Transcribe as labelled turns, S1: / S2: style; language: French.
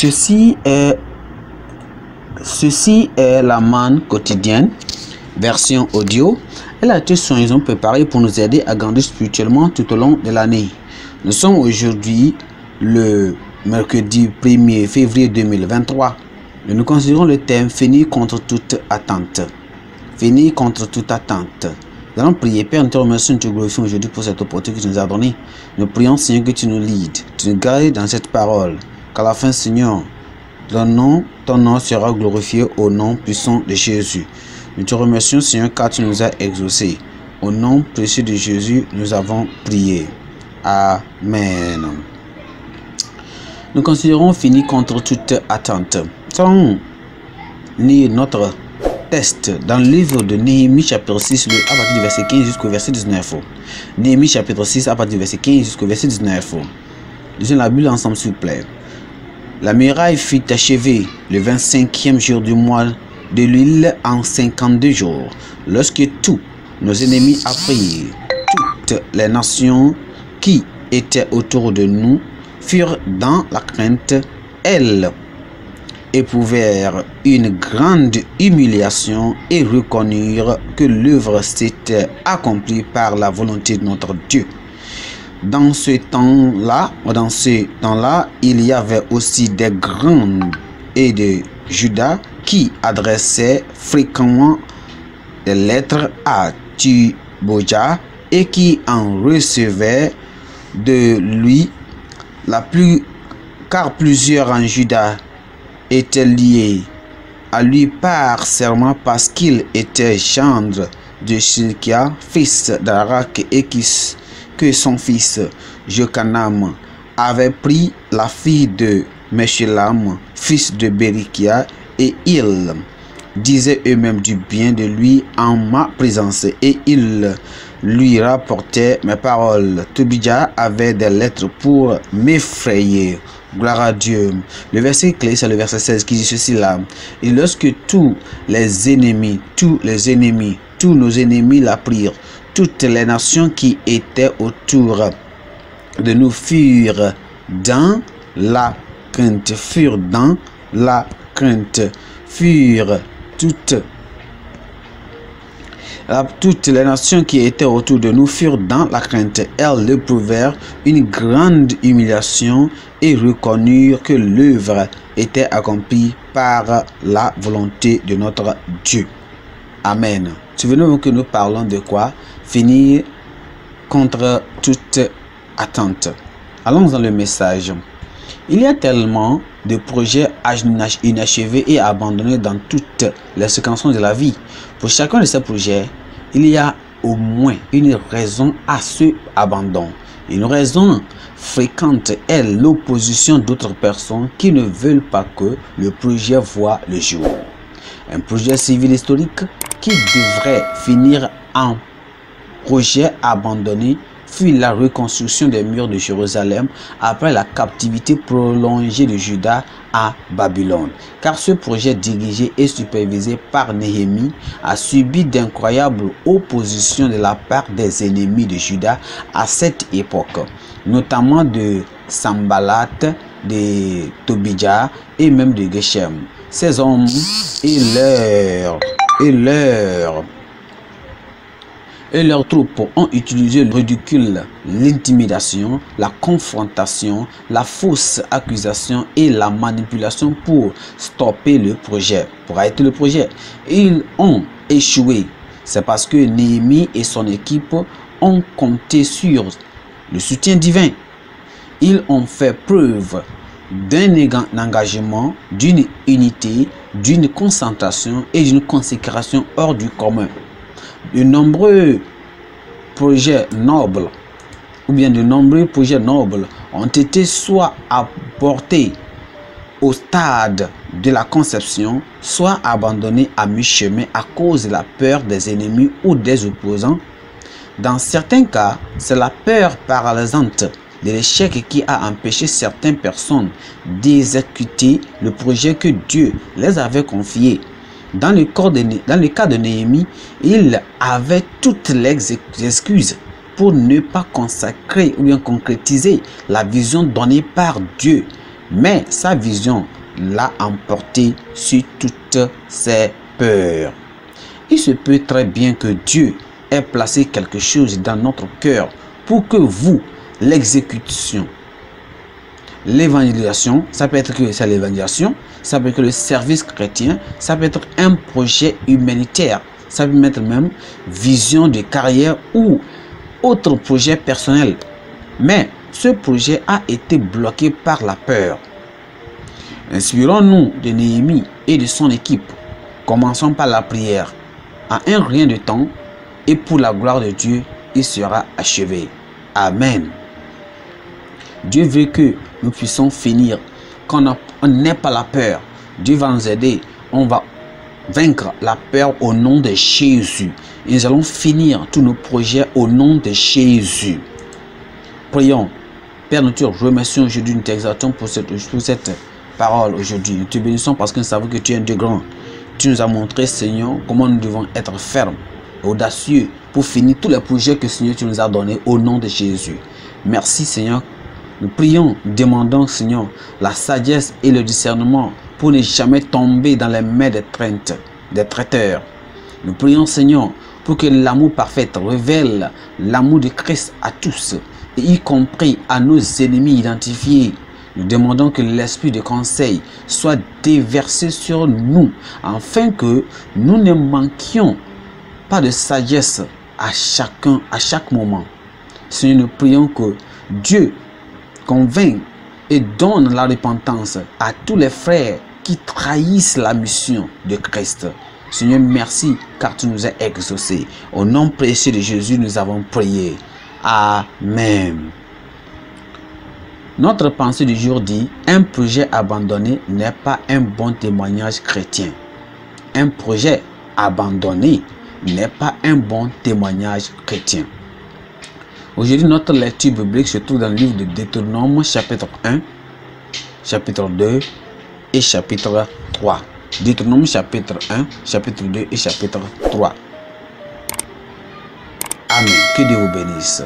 S1: Ceci est, ceci est la manne quotidienne, version audio. Elle a ils ont préparé pour nous aider à grandir spirituellement tout au long de l'année. Nous sommes aujourd'hui le mercredi 1er février 2023. nous considérons le thème fini contre toute attente. Fini contre toute attente. Nous allons prier, Père, nous te remercions, nous te glorifions aujourd'hui pour cette opportunité que tu nous as donnée. Nous prions, Seigneur, que tu nous guides, tu nous gardes dans cette parole qu'à la fin, Seigneur, ton nom, ton nom sera glorifié au nom puissant de Jésus. Nous te remercions, Seigneur, car tu nous as exaucés. Au nom précieux de Jésus, nous avons prié. Amen. Nous considérons fini contre toute attente. ni notre test dans le livre de Néhémie chapitre 6 à partir du verset 15 jusqu'au verset 19. Néhémie chapitre 6 à partir du verset 15 jusqu'au verset 19. Lisons la bulle ensemble s'il vous plaît. La muraille fut achevée le 25e jour du mois de l'île en 52 jours, lorsque tous nos ennemis apprirent, toutes les nations qui étaient autour de nous furent dans la crainte, elles éprouvèrent une grande humiliation et reconnurent que l'œuvre s'était accomplie par la volonté de notre Dieu. Dans ce temps-là, oh, dans ce temps-là, il y avait aussi des grands et de Judas qui adressaient fréquemment des lettres à Tuboja et qui en recevaient de lui la plus car plusieurs en Judas étaient liés à lui par serment parce qu'il était gendre de Shilkia, fils d'Arak et Kis que son fils Jokanam avait pris la fille de Meshulam, fils de Berikia, et ils disaient eux-mêmes du bien de lui en ma présence, et ils lui rapportaient mes paroles. Tobija avait des lettres pour m'effrayer. Gloire à Dieu. Le verset clé, c'est le verset 16 qui dit ceci là. Et lorsque tous les ennemis, tous les ennemis, tous nos ennemis l'apprirent, toutes les nations qui étaient autour de nous furent dans la crainte, furent dans la crainte, furent toutes toutes les nations qui étaient autour de nous furent dans la crainte. Elles éprouvèrent une grande humiliation et reconnurent que l'œuvre était accomplie par la volonté de notre Dieu. Amen. Souvenez-vous que nous parlons de quoi Finir contre toute attente. Allons dans le message. Il y a tellement de projets inachevés et abandonnés dans toutes les séquences de la vie. Pour chacun de ces projets, il y a au moins une raison à ce abandon. Une raison fréquente est l'opposition d'autres personnes qui ne veulent pas que le projet voit le jour un projet civil historique qui devrait finir en projet abandonné fut la reconstruction des murs de Jérusalem après la captivité prolongée de Judas à Babylone. Car ce projet dirigé et supervisé par Néhémie a subi d'incroyables oppositions de la part des ennemis de Judas à cette époque, notamment de Sambalat, de Tobijah et même de Geshem ces hommes et leurs et et leurs troupes ont utilisé le ridicule, l'intimidation, la confrontation, la fausse accusation et la manipulation pour stopper le projet, pour arrêter le projet. Ils ont échoué. C'est parce que Néhémie et son équipe ont compté sur le soutien divin. Ils ont fait preuve d'un engagement, d'une unité, d'une concentration et d'une consécration hors du commun. De nombreux projets nobles, ou bien de nombreux projets nobles, ont été soit apportés au stade de la conception, soit abandonnés à mi-chemin à cause de la peur des ennemis ou des opposants. Dans certains cas, c'est la peur paralysante de l'échec qui a empêché certaines personnes d'exécuter le projet que Dieu les avait confié. Dans le, cas de, Néhémie, il avait toutes les excuses pour ne pas consacrer ou bien concrétiser la vision donnée par Dieu. Mais sa vision l'a emporté sur toutes ses peurs. Il se peut très bien que Dieu ait placé quelque chose dans notre cœur pour que vous l'exécution. L'évangélisation, ça peut être que c'est l'évangélisation, ça peut être le service chrétien, ça peut être un projet humanitaire, ça peut être même vision de carrière ou autre projet personnel. Mais ce projet a été bloqué par la peur. Inspirons-nous de Néhémie et de son équipe. Commençons par la prière. À un rien de temps, et pour la gloire de Dieu, il sera achevé. Amen. Dieu veut que nous puissions finir, qu'on n'ait pas la peur. Dieu va nous aider. On va vaincre la peur au nom de Jésus. Et nous allons finir tous nos projets au nom de Jésus. Prions. Père, nature je remercie aujourd'hui, nous t'exaltons pour cette, pour cette parole aujourd'hui. Nous te bénissons parce que nous savons que tu es un Dieu grand. Tu nous as montré, Seigneur, comment nous devons être fermes audacieux pour finir tous les projets que, Seigneur, tu nous as donnés au nom de Jésus. Merci, Seigneur, nous prions, demandons, Seigneur, la sagesse et le discernement pour ne jamais tomber dans les mains des, traîtres, des traiteurs. Nous prions, Seigneur, pour que l'amour parfait révèle l'amour de Christ à tous, y compris à nos ennemis identifiés. Nous demandons que l'esprit de conseil soit déversé sur nous, afin que nous ne manquions pas de sagesse à chacun, à chaque moment. Seigneur, nous prions que Dieu convainc et donne la repentance à tous les frères qui trahissent la mission de Christ. Seigneur, merci car tu nous as exaucés. Au nom précieux de Jésus, nous avons prié. Amen. Notre pensée du jour dit, un projet abandonné n'est pas un bon témoignage chrétien. Un projet abandonné n'est pas un bon témoignage chrétien. Aujourd'hui, notre lecture biblique se trouve dans le livre de Deutéronome, chapitre 1, chapitre 2 et chapitre 3. Deutéronome, chapitre 1, chapitre 2 et chapitre 3. Amen. Que Dieu vous bénisse.